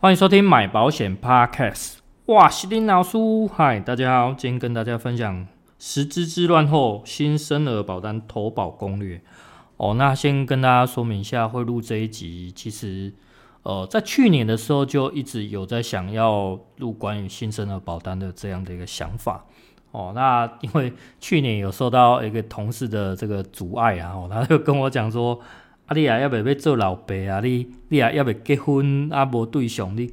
歡迎收聽買保險 Podcast。哇，司林老師，嗨，大家好，今天跟大家分享實支之亂後新生兒保單投保攻略。哦，那先跟大家說明一下，會錄這一集，其實呃，在去年的時候就一直有在想要錄關於新生兒保單的這樣的一個想法。哦，那因為去年有受到一個同事的這個阻礙啊，哦，他就跟我講說。啊，你啊，要不要做老爸啊？你，你啊，要不要結婚啊？無對象，你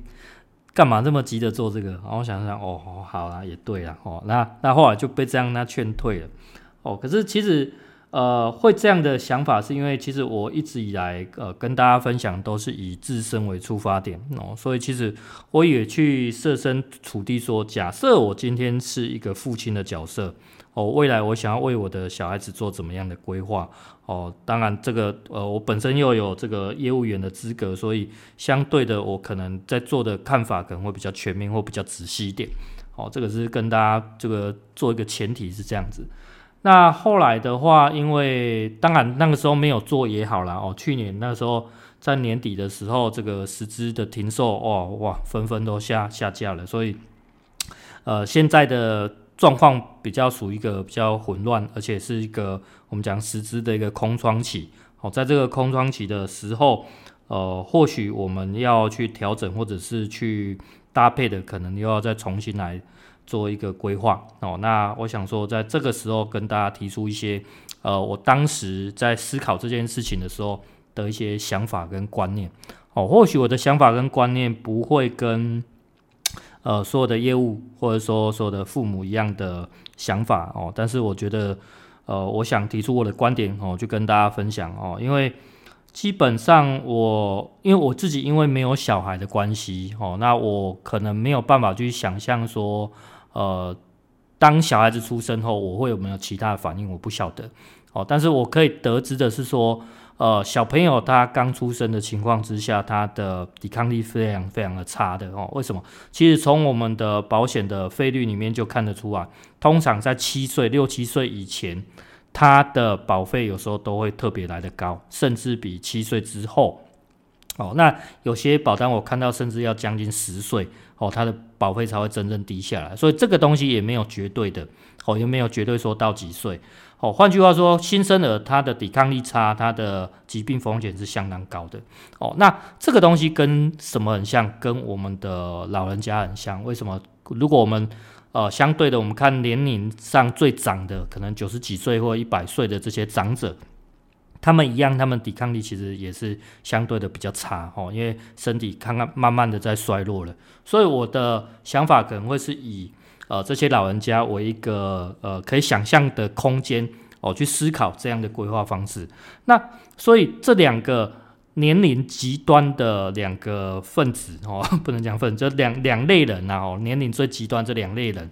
幹嘛這麼急着做這個？然後，我想想，哦，好啊，也對啦，哦，那那後來就被這樣那勸退了，哦，可是其實。呃，會這樣的想法是因為，其實我一直以來，呃，跟大家分享都是以自身為出發點哦，嗯，所以其實我也去設身處地說，假設我今天是一個父親的角色哦，未來我想要為我的小孩子做怎麼樣的規劃哦，當然這個呃，我本身又有這個業務員的資格，所以相對的，我可能在做的看法可能會比較全面或比較仔細一點，哦，這個是跟大家這個做一個前提是這樣子。那後來的話，因為當然那個時候沒有做也好啦，哦。去年那個時候在年底的時候，這個實支的停售哦，哇，紛紛都下下架了。所以，呃，現在的狀況比較屬於一個比較混亂，而且是一個我們講實支的一個空窗期。好，哦，在這個空窗期的時候，呃，或許我們要去調整，或者是去搭配的，可能又要再重新來做一個規劃哦，那我想說，在這個時候跟大家提出一些，呃，我當時在思考這件事情的時候的一些想法跟觀念哦，或許我的想法跟觀念不會跟，呃，所有的業務或者說所有的父母一樣的想法哦，但是我覺得，呃，我想提出我的觀點哦，就跟大家分享哦，因為基本上我因為我自己因為沒有小孩的關係哦，那我可能沒有辦法去想象說。呃，當小孩子出生後，我會有沒有其他的反應？我不曉得，哦，但是我可以得知的是說，呃，小朋友他剛出生的情況之下，他的抵抗力非常非常的差的哦。為什麼？其實從我們的保險的費率裡面就看得出啊，通常在七歲、六七歲以前，他的保費有時候都會特別來得高，甚至比七歲之後。哦，那有些保單我看到甚至要將近十歲哦，它的保費才會真正低下來。所以這個東西也沒有絕對的哦，也沒有絕對說到幾歲哦。換句話說，新生兒他的抵抗力差，他的疾病風險是相當高的哦。那這個東西跟什麼很像？跟我們的老人家很像。為什麼？如果我們呃相對的，我們看年齡上最長的，可能九十幾歲或一百歲的這些長者。他們一樣，他們抵抗力其實也是相對的比較差哦，因為身體看看慢慢的在衰落了，所以我的想法可能會是以呃這些老人家為一個呃可以想象的空間哦、呃，去思考這樣的規劃方式。那所以這兩個年齡極端的兩個分子哦、呃，不能講分子，這兩兩類人啊，年齡最極端的這兩類人，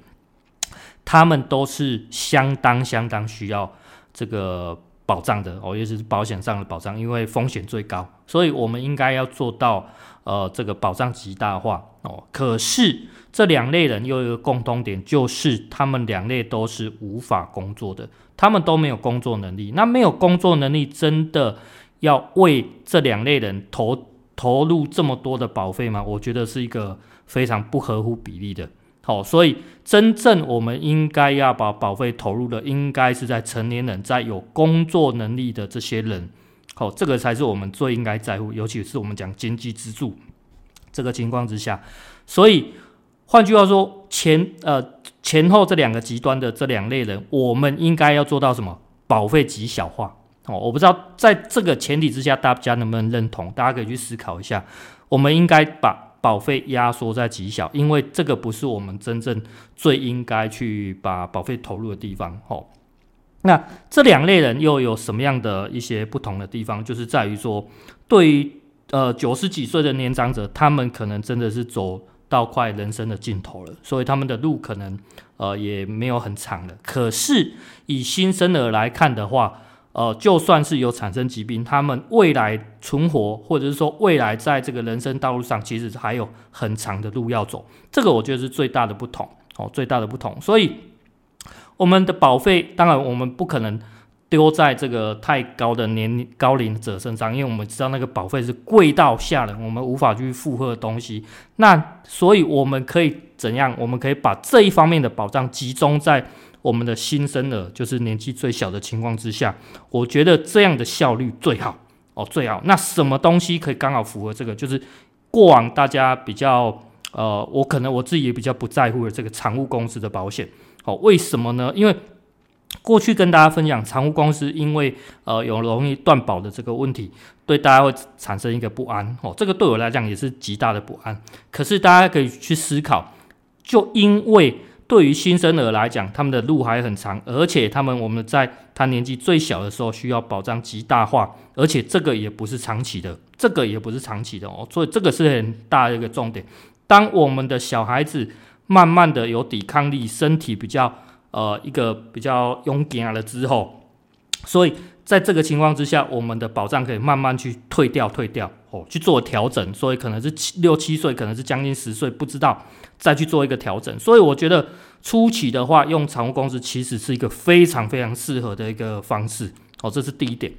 他們都是相當相當需要這個。保障的哦，尤其是保險上的保障，因為風險最高，所以我們應該要做到呃這個保障極大化哦。可是這兩類人又有一個共通點，就是他們兩類都是無法工作的，他們都沒有工作能力。那沒有工作能力，真的要為這兩類人投投入這麼多的保費嗎？我覺得是一個非常不合乎比例的。好、哦，所以真正我們應該要把保費投入的，應該是在成年人，在有工作能力的這些人。好、哦，這個才是我們最應該在乎，尤其是我們講經濟支柱這個情況之下。所以換句話說，前呃前後這兩個極端的這兩類人，我們應該要做到什麼？保費極小化。哦，我不知道在這個前提之下，大家能不能認同？大家可以去思考一下，我們應該把。保費壓縮在極小，因為這個不是我們真正最應該去把保費投入的地方。吼，那這兩類人又有什麼樣的一些不同的地方？就是在於說，對於呃九十幾歲的年長者，他們可能真的是走到快人生的盡頭了，所以他們的路可能呃也沒有很長了。可是以新生兒來看的話，呃，就算是有產生疾病，他們未來存活，或者是說未來在這個人生道路上，其實還有很長的路要走。這個我覺得是最大的不同，哦，最大的不同。所以我們的保費，當然我們不可能，丟在這個太高的年高齡者身上，因為我們知道那個保費是貴到嚇人，我們無法去負荷東西。那所以我們可以怎樣？我們可以把這一方面的保障集中在我們的新生兒，就是年紀最小的情況之下。我覺得這樣的效率最好哦，最好。那什麼東西可以剛好符合這個？就是過往大家比較呃，我可能我自己也比較不在乎的這個產物公司的保險。好、哦，為什麼呢？因為過去跟大家分享，產物公司因為呃有容易斷保的這個問題，對大家會產生一個不安哦。這個對我來講也是極大的不安。可是大家可以去思考，就因為對於新生兒來講，他們的路還很長，而且他們我們在他年紀最小的時候需要保障極大化，而且這個也不是長期的，這個也不是長期的哦。所以這個是很大的一個重點。當我們的小孩子慢慢的有抵抗力，身體比較。呃，一個比較擁擠了之後，所以在這個情況之下，我們的保障可以慢慢去退掉、退掉哦，去做調整。所以可能是七六七歲，可能是將近十歲，不知道再去做一個調整。所以我覺得初期的話，用產物公司其實是一個非常非常適合的一個方式哦，這是第一點。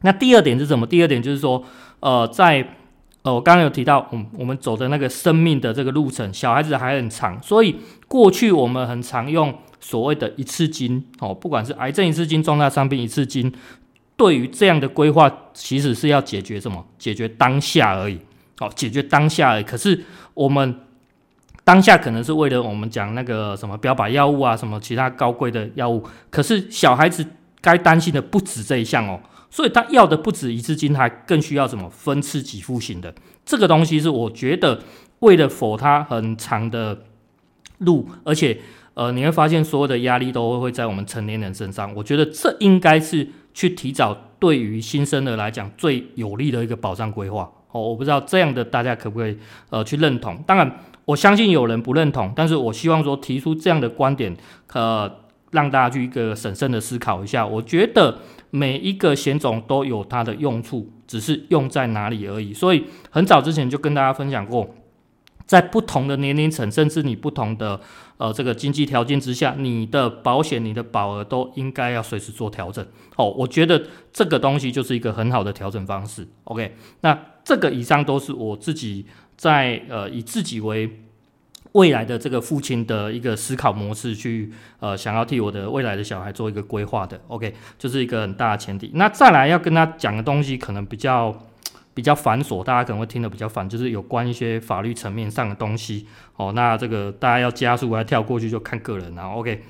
那第二點是什麼？第二點就是說，呃，在呃，我剛剛有提到我們，我們走的那個生命的這個路程，小孩子還很長，所以過去我們很常用。所謂的一次金哦，不管是癌症一次金、重大傷病一次金，對於這樣的規劃，其實是要解決什麼？解決當下而已。哦，解決當下而已。可是我們當下可能是為了我們講那個什麼標靶藥物啊，什麼其他高貴的藥物。可是小孩子該擔心的不止這一項哦，所以他要的不止一次金，還更需要什麼分次給付型的。這個東西是我覺得為了否他很長的。路，而且，呃，你會發現所有的壓力都會在我們成年人身上。我覺得這應該是去提早對於新生兒來講最有利的一個保障規劃。哦，我不知道這樣的大家可不可以呃去認同。當然，我相信有人不認同，但是我希望說提出這樣的觀點，呃，讓大家去一個審慎的思考一下。我覺得每一個險種都有它的用處，只是用在哪裡而已。所以很早之前就跟大家分享過，在不同的年齡層，甚至你不同的呃這個經濟條件之下，你的保險、你的保額都應該要隨時做調整。哦，我覺得這個東西就是一個很好的調整方式。OK，那這個以上都是我自己在呃以自己為未來的這個父親的一個思考模式去呃想要替我的未來的小孩做一個規劃的。OK，就是一個很大的前提。那再來要跟他講的東西，可能比較。比較繁瑣，大家可能會聽得比較煩，就是有關一些法律層面上的東西哦。那這個大家要加速，我要跳過去就看個人啊。OK，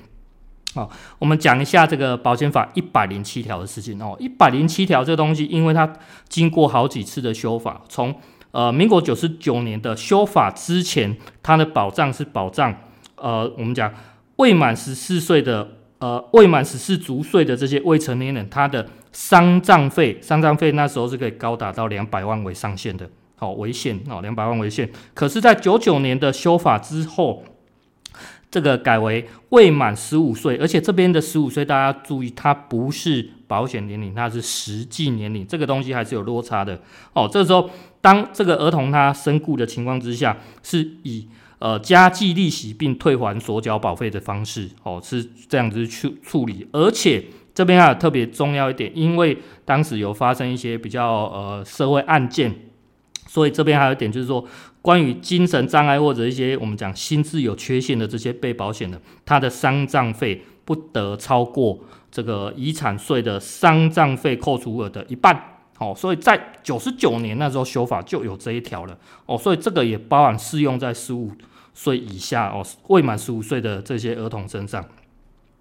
好，哦，我們講一下這個保險法一百零七條的事情哦。一百零七條這個東西，因為它經過好幾次的修法，從呃民國九十九年的修法之前，它的保障是保障呃我們講未滿十四歲的。呃，未滿十四足歲的這些未成年人，他的喪葬費，喪葬費那時候是可以高達到兩百萬為上限的，好，為限哦，哦，兩百萬為限。可是，在九九年的修法之後，這個改為未滿十五歲，而且這邊的十五歲大家注意，它不是保險年齡，它是實際年齡，這個東西還是有落差的。哦，這個時候當這個兒童他身故的情況之下，是以。呃，加計利息並退還所繳保費的方式哦，是這樣子去處理。而且這邊還有特別重要一點，因為當時有發生一些比較呃社會案件，所以這邊還有一點就是說，關於精神障礙或者一些我們講心智有缺陷的這些被保險的，他的喪葬費不得超過這個遺產稅的喪葬費扣除額的一半。哦，所以在九十九年那時候修法就有這一條了。哦，所以這個也包含適用在十五歲以下哦，未滿十五歲的這些兒童身上。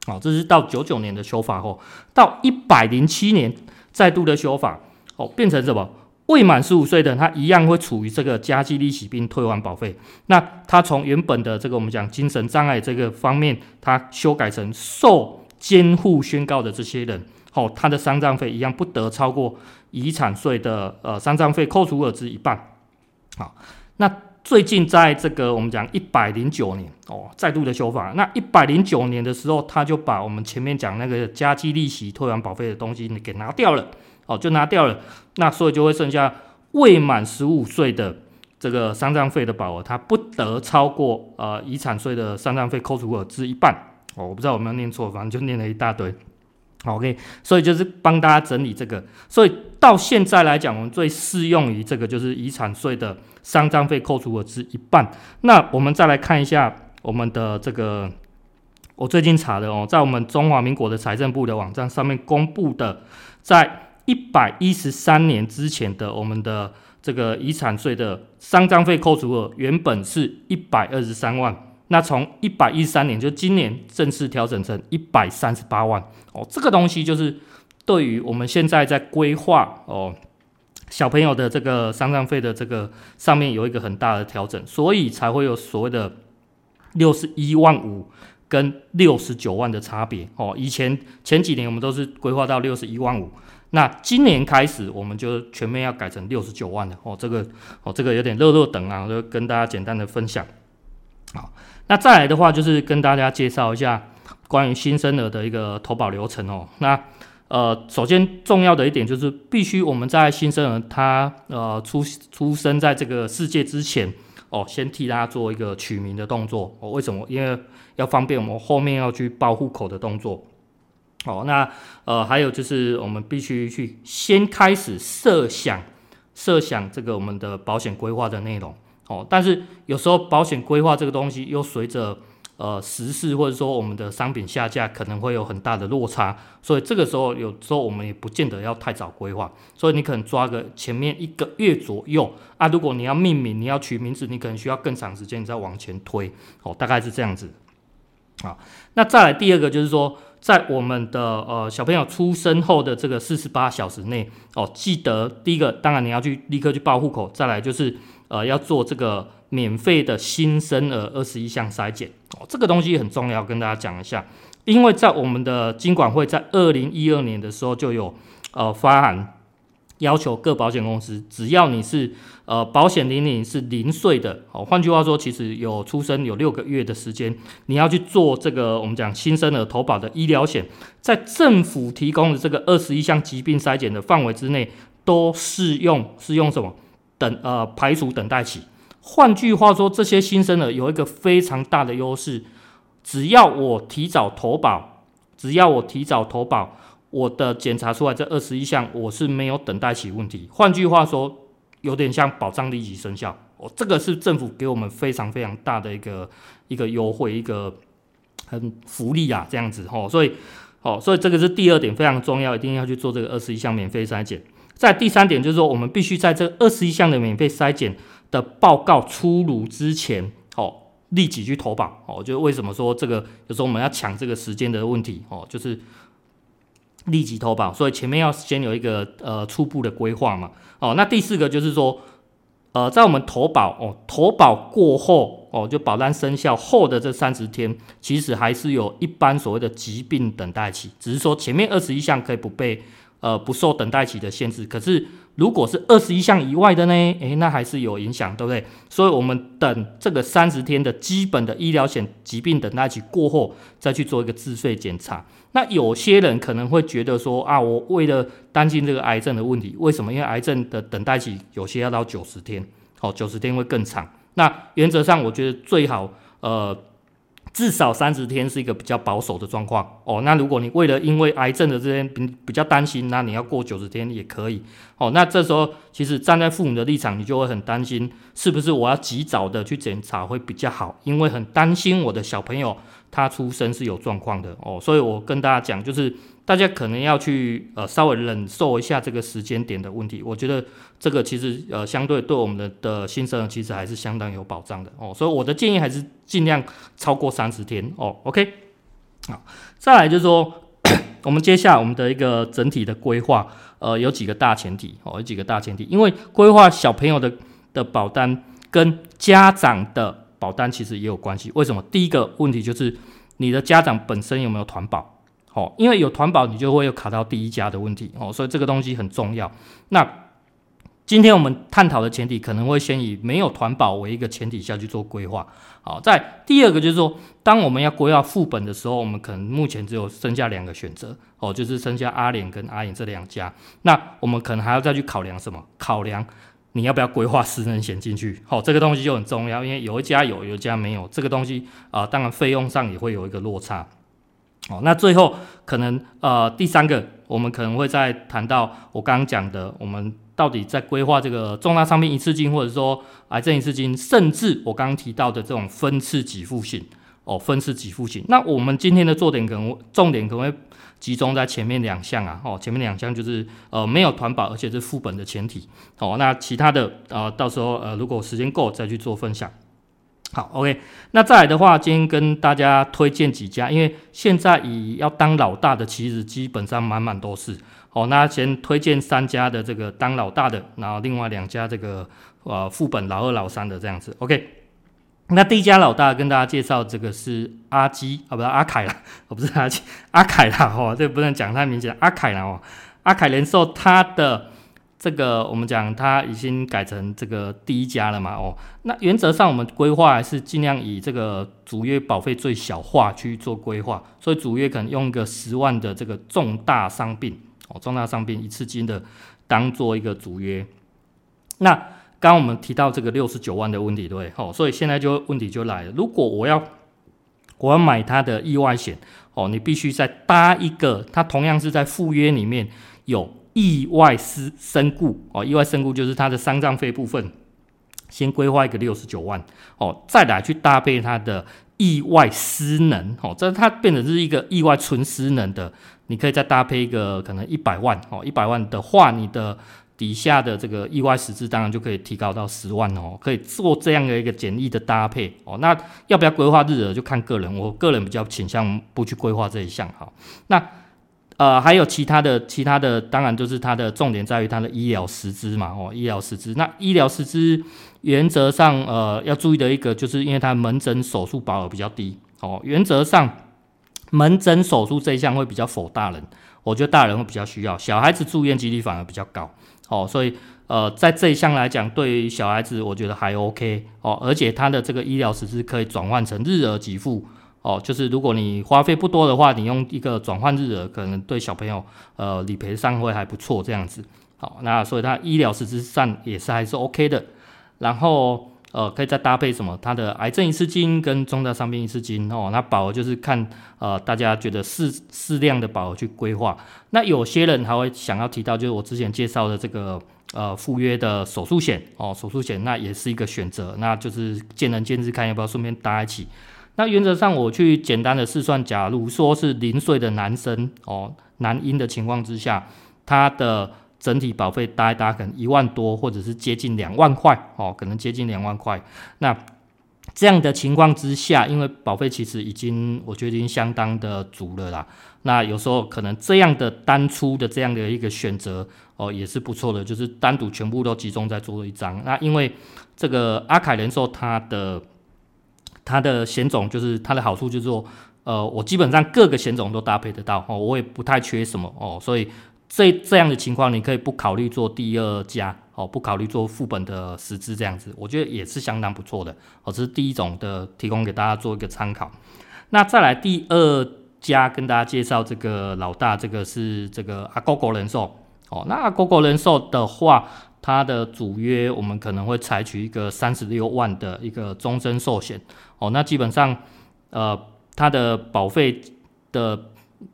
哦，這是到九九年的修法後，到一百零七年再度的修法，哦，變成什麼？未滿十五歲的他一樣會處於這個加計利息並退還保費。那他從原本的這個我們講精神障礙這個方面，他修改成受監護宣告的這些人。哦，他的喪葬費一樣不得超過遺產稅的呃喪葬費扣除額之一半。好，哦，那最近在這個我們講一百零九年哦，再度的修法。那一百零九年的時候，他就把我們前面講那個加計利息退還保費的東西，給拿掉了。哦，就拿掉了。那所以就會剩下未滿十五歲的這個喪葬費的保額，它不得超過呃遺產稅的喪葬費扣除額之一半。哦，我不知道有沒有念錯，反正就念了一大堆。好，OK，所以就是幫大家整理這個，所以到現在來講，我們最適用於這個就是遺產稅的喪葬費扣除額之一半。那我們再來看一下我們的這個，我最近查的哦，在我們中華民國的財政部的網站上面公布的，在一百一十三年之前的我們的這個遺產稅的喪葬費扣除額原本是一百二十三萬。那從一百一十三年，就今年正式調整成一百三十八萬哦，這個東西就是對於我們現在在規劃哦，小朋友的這個喪葬費的這個上面有一個很大的調整，所以才會有所謂的六十一萬五跟六十九萬的差別哦。以前前幾年我們都是規劃到六十一萬五，那今年開始我們就全面要改成六十九萬的哦。這個哦，這個有點熱熱等啊，我就跟大家簡單的分享，好、哦。那再來的話，就是跟大家介紹一下關於新生兒的一個投保流程哦。那呃，首先重要的一點就是，必須我們在新生兒他呃出出生在這個世界之前哦，先替他做一個取名的動作哦。為什麼？因為要方便我們後面要去報戶口的動作。哦，那呃，還有就是我們必須去先開始設想設想這個我們的保險規劃的內容。哦，但是有時候保險規劃這個東西，又隨着呃時事或者說我們的商品下架，可能會有很大的落差，所以這個時候有時候我們也不見得要太早規劃，所以你可能抓個前面一個月左右啊。如果你要命名，你要取名字，你可能需要更長時間，你再往前推。哦，大概是這樣子。啊，那再來第二個就是說，在我們的呃小朋友出生後的這個四十八小時內，哦，記得第一個，當然你要去立刻去報戶口，再來就是。呃，要做這個免費的新生兒二十一項篩檢哦，這個東西很重要，跟大家講一下。因為在我們的金管會在二零一二年的時候就有呃發函要求各保險公司，只要你是呃保險年齡是零歲的哦，換句話說，其實有出生有六個月的時間，你要去做這個我們講新生兒投保的醫療險，在政府提供的這個二十一項疾病篩檢的範圍之內都適用，適用什麼？等呃，排除等待期，換句話說，這些新生兒有一個非常大的優勢，只要我提早投保，只要我提早投保，我的檢查出來這二十一項我是沒有等待期問題。換句話說，有點像保障立即生效，哦，這個是政府給我們非常非常大的一個一個優惠，一個很福利啊，這樣子哦，所以，哦，所以這個是第二點非常重要，一定要去做這個二十一項免費篩檢。在第三點就是說，我們必須在這二十一項的免費篩檢的報告出爐之前，哦，立即去投保，哦，就是為什麼說這個，有時候我們要搶這個時間的問題，哦，就是立即投保，所以前面要先有一個呃初步的規劃嘛，哦，那第四個就是說，呃，在我們投保，哦，投保過後，哦，就保單生效後的這三十天，其實還是有一般所謂的疾病等待期，只是說前面二十一項可以不被。呃，不受等待期的限制。可是，如果是二十一項以外的呢？誒、欸，那還是有影響，對不對？所以，我們等這個三十天的基本的醫療險疾病等待期過後，再去做一個自費檢查。那有些人可能會覺得說啊，我為了擔心這個癌症的問題，為什麼？因為癌症的等待期有些要到九十天，好、哦，九十天會更長。那原則上，我覺得最好呃。至少三十天是一個比較保守的狀況哦。那如果你為了因為癌症的這些比比較擔心，那你要過九十天也可以哦。那這時候其實站在父母的立場，你就會很擔心，是不是我要及早的去檢查會比較好？因為很擔心我的小朋友他出生是有狀況的哦。所以我跟大家講就是。大家可能要去呃稍微忍受一下這個時間點的問題，我覺得這個其實呃相對對我們的的新生兒其實還是相當有保障的哦，所以我的建議還是尽量超過三十天哦，OK，好，再來就是說我們接下來我們的一個整體的規劃，呃，有幾個大前提哦，有幾個大前提，因為規劃小朋友的的保單跟家長的保單其實也有關係，為什麼？第一個問題就是你的家長本身有沒有團保？好，因為有團保，你就會有卡到第一家的問題哦，所以這個東西很重要。那今天我們探討的前提，可能會先以沒有團保為一個前提下去做規劃。好，在第二個就是說，當我們要規劃副本的時候，我們可能目前只有剩下兩個選擇哦，就是剩下阿聯跟阿銀這兩家。那我們可能還要再去考量什麼？考量你要不要規劃私人險進去？好，這個東西就很重要，因為有一家有，有一家沒有，這個東西啊、呃，當然費用上也會有一個落差。哦，那最後可能呃第三個，我們可能會再談到我剛剛講的，我們到底在規劃這個重大傷病一次金，或者說癌症一次金，甚至我剛剛提到的這種分次給付型，哦，分次給付型。那我們今天的做點可能重點可能會集中在前面兩項啊，哦，前面兩項就是呃沒有團保，而且是副本的前提。哦，那其他的啊、呃、到時候呃如果時間夠再去做分享。好，OK，那再來的話，今天跟大家推薦幾家，因為現在以要當老大的，其實基本上滿滿都是。哦，那先推薦三家的這個當老大的，然後另外兩家這個呃副本老二老三的這樣子，OK。那第一家老大跟大家介紹這個是阿基啊，不是阿凱啦，哦、啊，不是阿基，阿、啊、凱啦。哈、哦，這不能講太明顯，阿、啊、凱啦。哦，阿、啊、凱人壽他的。這個我們講，他已經改成這個第一家了嘛？哦，那原則上我們規劃還是儘量以這個主約保費最小化去做規劃，所以主約可能用一個十萬的這個重大傷病哦，重大傷病一次金的當做一個主約。那剛剛我們提到這個六十九萬的問題，對，哦，所以現在就問題就來了，如果我要我要買它的意外險哦，你必須再搭一個，它同樣是在附約裡面有。意外失身故哦，意外身故就是他的喪葬費部分，先規劃一個六十九萬哦，再來去搭配他的意外失能哦，這他變成是一個意外純失能的，你可以再搭配一個可能一百萬哦，一百萬的話，你的底下的這個意外實支當然就可以提高到十萬哦，可以做這樣的一個簡易的搭配哦，那要不要規劃日額就看個人，我個人比較傾向不去規劃這一項哈，那。呃，還有其他的，其他的，當然就是它的重點在於它的醫療實支嘛，哦，醫療實支。那醫療實支原則上，呃，要注意的一個就是因為它門診手術保額比較低，哦，原則上門診手術這一項會比較 for 大人，我覺得大人會比較需要，小孩子住院幾率反而比較高，哦，所以呃，在這一項來講，對於小孩子我覺得還 OK，哦，而且它的這個醫療實支可以轉換成日額給付。哦，就是如果你花費不多的話，你用一個轉換日額可能對小朋友呃理賠上會還不錯這樣子。好，那所以它醫療實質上也是還是 OK 的。然後呃，可以再搭配什麼？他的癌症一次金跟重大傷病一次金哦，那保額就是看呃大家覺得適適量的保額去規劃。那有些人還會想要提到，就是我之前介紹的這個呃附約的手術險哦，手術險那也是一個選擇，那就是見仁見智看，看要不要順便搭一起。那原則上，我去簡單的試算，假如說是零歲的男生哦，男嬰的情況之下，他的整體保費大概大概可能一萬多，或者是接近兩萬塊哦，可能接近兩萬塊。那這樣的情況之下，因為保費其實已經我覺得已經相當的足了啦。那有時候可能這樣的單出的這樣的一個選擇哦，也是不錯的，就是單獨全部都集中在做一張。那因為這個阿凱人壽它的。它的險種就是它的好處，就是說，呃，我基本上各個險種都搭配得到哦，我也不太缺什麼哦，所以這這樣的情況，你可以不考慮做第二家哦，不考慮做副本的實支這樣子，我覺得也是相當不錯的哦。這是第一種的，提供給大家做一個參考。那再來第二家跟大家介紹這個老大，這個是這個阿狗狗人壽哦。那阿狗狗人壽的話。它的主約，我們可能會採取一個三十六萬的一個終身壽險哦。那基本上，呃，它的保費的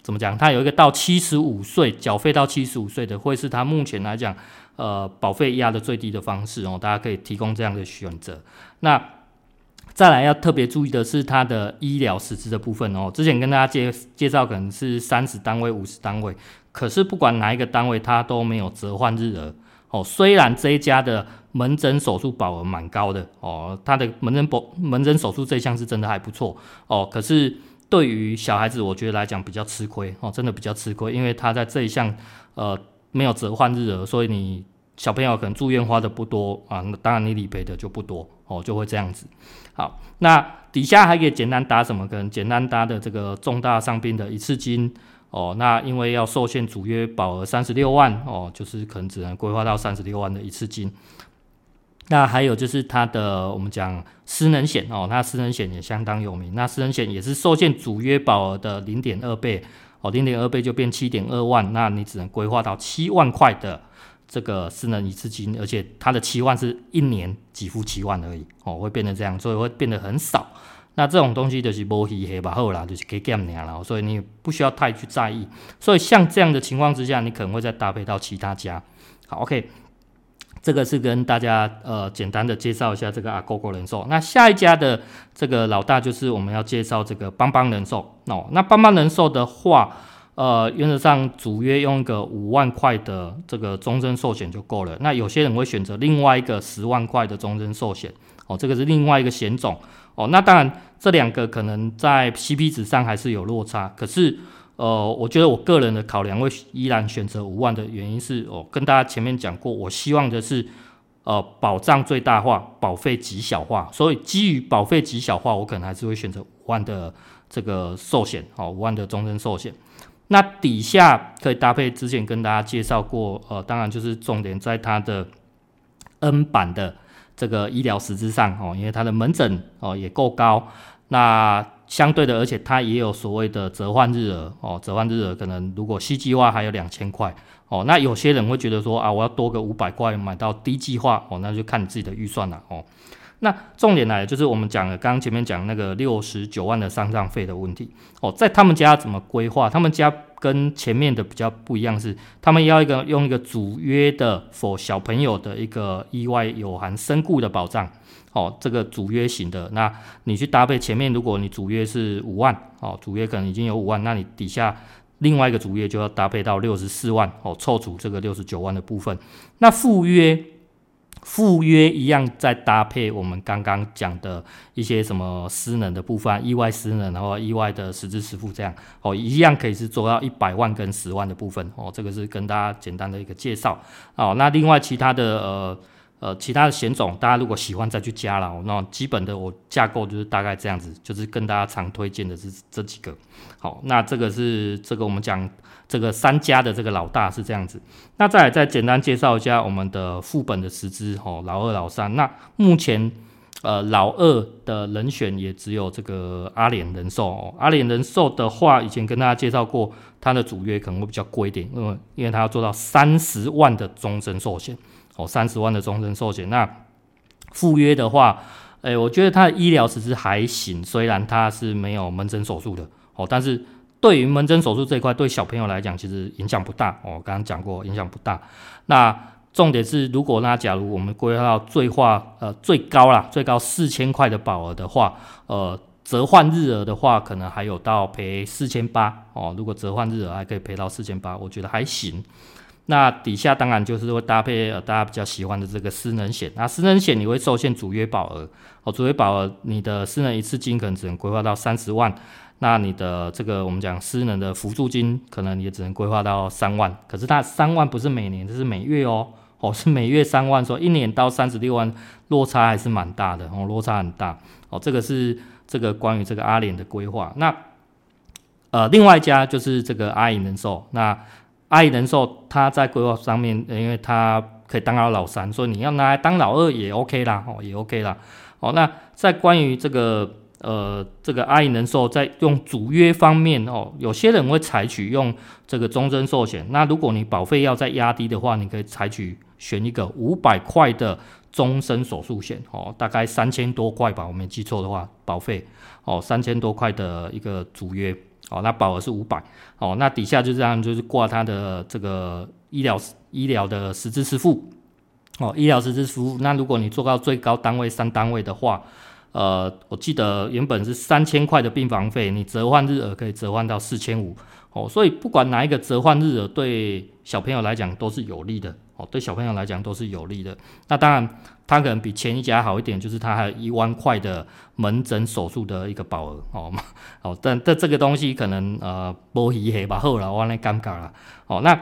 怎麼講？它有一個到七十五歲繳費到七十五歲的，會是它目前來講，呃，保費壓的最低的方式哦。大家可以提供這樣的選擇。那再來要特別注意的是它的醫療實支的部分哦。之前跟大家介介紹可能是三十單位，五十單位，可是不管哪一個單位，它都沒有折換日額。哦，雖然這一家的門診手術保額蠻高的哦，他的門診保門診手術這項是真的還不錯哦，可是對於小孩子我覺得來講比較吃虧哦，真的比較吃虧，因為他在這一項呃沒有折換日額，所以你小朋友可能住院花的不多啊，那當然你理賠的就不多哦，就會這樣子。好，那底下還可以簡單搭什麼？跟簡單搭的這個重大傷病的一次金。哦，那因為要受限主約保額三十六萬哦，就是可能只能規劃到三十六萬的一次金。那還有就是它的我們講失能險哦，那失能險也相當有名。那失能險也是受限主約保額的零點二倍哦，零點二倍就變七點二萬，那你只能規劃到七萬塊的這個失能一次金，而且它的七萬是一年給付七萬而已哦，會變得這樣，所以會變得很少。那這種東西就是無稀的吧，好啦，就是給減免啦，所以你不需要太去在意。所以像這樣的情況之下，你可能會再搭配到其他家。好，OK，這個是跟大家呃簡單的介紹一下這個阿狗狗人壽。那下一家的這個老大就是我們要介紹這個邦邦人壽哦。那邦邦人壽的話，呃原則上主約用一個五萬塊的這個終身壽險就夠了。那有些人會選擇另外一個十萬塊的終身壽險，哦，這個是另外一個險種。哦，那當然，這兩個可能在 CP 值上還是有落差，可是，呃，我覺得我個人的考量會依然選擇五萬的原因是，我、哦、跟大家前面講過，我希望的是，呃，保障最大化，保費極小化，所以基於保費極小化，我可能還是會選擇五萬的這個壽險，哦，五萬的終身壽險，那底下可以搭配之前跟大家介紹過，呃，當然就是重點在它的 N 版的。這個醫療實支上哦，因為它的門診哦也夠高，那相對的，而且它也有所謂的折換日額哦，折換日額可能如果 C 計劃還有兩千塊哦，那有些人會覺得說啊，我要多個五百塊買到 D 計劃哦，那就看你自己的預算了哦。那重點來就是我們講的，剛剛前面講那個六十九萬的喪葬費的問題哦，在他們家怎麼規劃？他們家跟前面的比較不一樣是，他們要一個用一個主約的 for 小朋友的一個意外有含身故的保障哦，這個主約型的。那你去搭配前面，如果你主約是五萬哦，主約可能已經有五萬，那你底下另外一個主約就要搭配到六十四萬哦，湊足這個六十九萬的部分。那副約。副約一樣，再搭配我們剛剛講的一些什麼失能的部分，意外失能，然後意外的實支實付這樣，哦，一樣可以是做到一百萬跟十萬的部分，哦，這個是跟大家簡單的一個介紹，哦，那另外其他的呃。呃，其他的險種大家如果喜歡再去加了，那基本的我架構就是大概這樣子，就是跟大家常推薦的是這幾個。好，那這個是這個我們講這個三家的這個老大是這樣子。那再來再簡單介紹一下我們的副本的實支哦，老二、老三。那目前呃老二的人選也只有這個阿聯人壽，哦，阿聯人壽的話，以前跟大家介紹過，它的主約可能會比較貴一點，因為因為它要做到三十萬的終身壽險。哦，三十萬的終身壽險，那附約的話，欸，我覺得他的醫療其實還行，雖然他是沒有門診手術的，哦，但是對於門診手術這一塊，對小朋友來講其實影響不大。哦，剛剛講過影響不大。那重點是，如果那假如我們規劃到最高，呃，最高啦，最高四千塊的保額的話，呃，折換日額的話，可能還有到賠四千八哦。如果折換日額還可以賠到四千八，我覺得還行。那底下當然就是會搭配呃大家比較喜歡的這個失能險，那失能險你會受限主約保額哦，主約保額你的失能一次金可能只能規劃到三十萬，那你的這個我們講失能的輔助金可能也只能規劃到三萬，可是它三萬不是每年，這是每月哦哦是每月三萬，所以一年到三十六萬，落差還是蠻大的哦，落差很大哦，這個是這個關於這個阿聯的規劃，那呃另外一家就是這個阿銀人壽那。阿銀人壽，他在規劃上面，因為他可以當老三，所以你要拿來當老二也 OK 啦，哦，也 OK 啦，哦，那在關於這個，呃，這個阿銀人壽在用主約方面，哦，有些人會採取用這個終身壽險，那如果你保費要再壓低的話，你可以採取選一個五百塊的終身手術險，哦，大概三千多塊吧，我沒記錯的話，保費，哦，三千多塊的一個主約。哦，那保額是五百，哦，那底下就這樣，就是掛他的這個醫療醫療的實支實付，哦，醫療實支實付，那如果你做到最高單位三單位的話，呃，我記得原本是三千塊的病房費，你折換日額可以折換到四千五，哦，所以不管哪一個折換日額，對小朋友來講都是有利的。哦，對小朋友來講都是有利的。那當然，它可能比前一家好一點，就是它還有一萬塊的門診手術的一個保額。哦，哦，但但這個東西可能呃，波皮黑吧，後來我來尷尬了。哦，那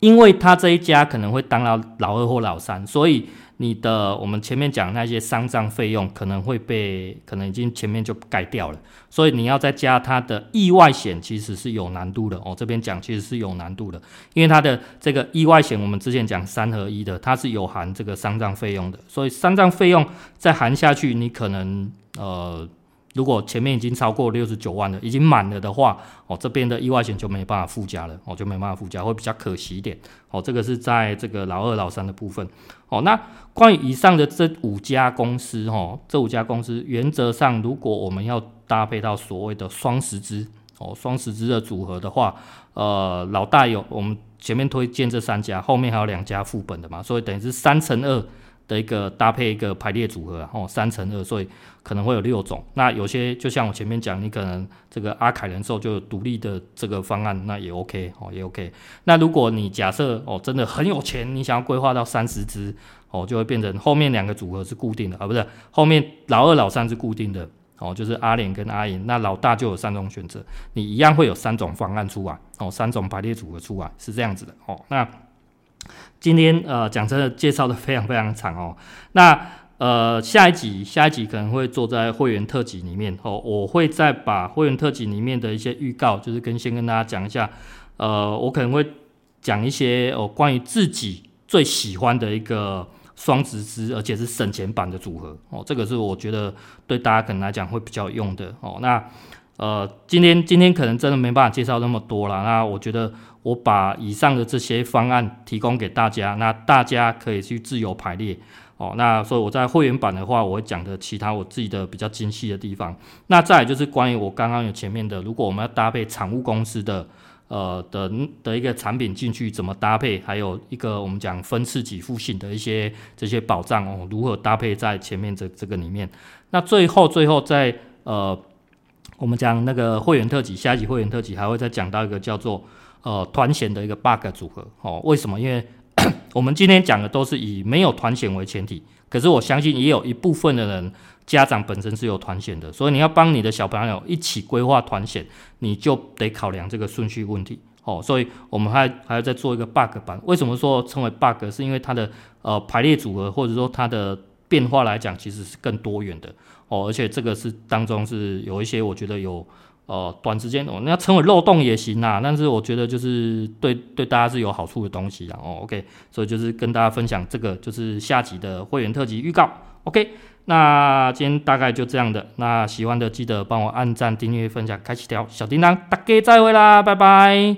因為他這一家可能會當到老二或老三，所以。你的我們前面講那些喪葬費用可能會被，可能已經前面就改掉了，所以你要再加它的意外險，其實是有難度的哦。這邊講其實是有難度的，因為它的這個意外險，我們之前講三合一的，它是有含這個喪葬費用的，所以喪葬費用再含下去，你可能呃。如果前面已經超過六十九萬了，已經滿了的話，哦，這邊的意外險就沒辦法附加了，哦，就沒辦法附加，會比較可惜一點。哦，這個是在這個老二、老三的部分。哦，那關於以上的這五家公司，哦，這五家公司原則上，如果我們要搭配到所謂的雙實支，哦，雙實支的組合的話，呃，老大有我們前面推薦這三家，後面還有兩家副本的嘛，所以等於是三乘二。2, 的一個搭配一個排列組合哦，三乘二，所以可能會有六種。那有些就像我前面講，你可能這個阿凱人壽就有獨立的這個方案，那也 OK 哦，也 OK。那如果你假設哦，真的很有錢，你想要規劃到三實支哦，就會變成後面兩個組合是固定的啊，不是後面老二老三是固定的哦，就是阿聯跟阿銀，那老大就有三種選擇，你一樣會有三種方案出來哦，三種排列組合出來是這樣子的哦，那。今天呃，講真的介紹的非常非常長哦。那呃，下一集下一集可能會做在會員特輯裡面哦。我會再把會員特輯裡面的一些預告，就是跟先跟大家講一下。呃，我可能會講一些哦、呃，關於自己最喜歡的一個雙實支，而且是省錢版的組合哦。這個是我覺得對大家可能來講會比較有用的哦。那呃，今天今天可能真的沒辦法介紹那麼多了。那我覺得。我把以上的這些方案提供給大家，那大家可以去自由排列哦。那所以我在會員版的話，我會講的其他我自己的比較精細的地方。那再就是關於我剛剛有前面的，如果我們要搭配產物公司的呃的的一個產品進去，怎麼搭配？還有一個我們講分次給付性的一些這些保障哦，如何搭配在前面這這個裡面？那最後最後在呃我們講那個會員特輯，下一集會員特輯還會再講到一個叫做。呃，團險的一個 bug 組合哦，為什麼？因為咳咳我們今天講的都是以沒有團險為前提，可是我相信也有一部分的人家長本身是有團險的，所以你要幫你的小朋友一起規劃團險，你就得考量這個順序問題哦。所以我們還還要再做一個 bug 版。為什麼說稱為 bug？是因為它的呃排列組合，或者說它的變化來講，其實是更多元的哦。而且這個是當中是有一些我覺得有。哦、呃，短時間哦，那要稱為漏洞也行啦、啊、但是我覺得就是對對大家是有好處的東西啊。哦，OK，所以就是跟大家分享這個就是下集的會員特輯預告。OK，那今天大概就這樣的。那喜歡的記得幫我按讚、訂閱、分享、開啟條小叮噹。大家再會啦，拜拜。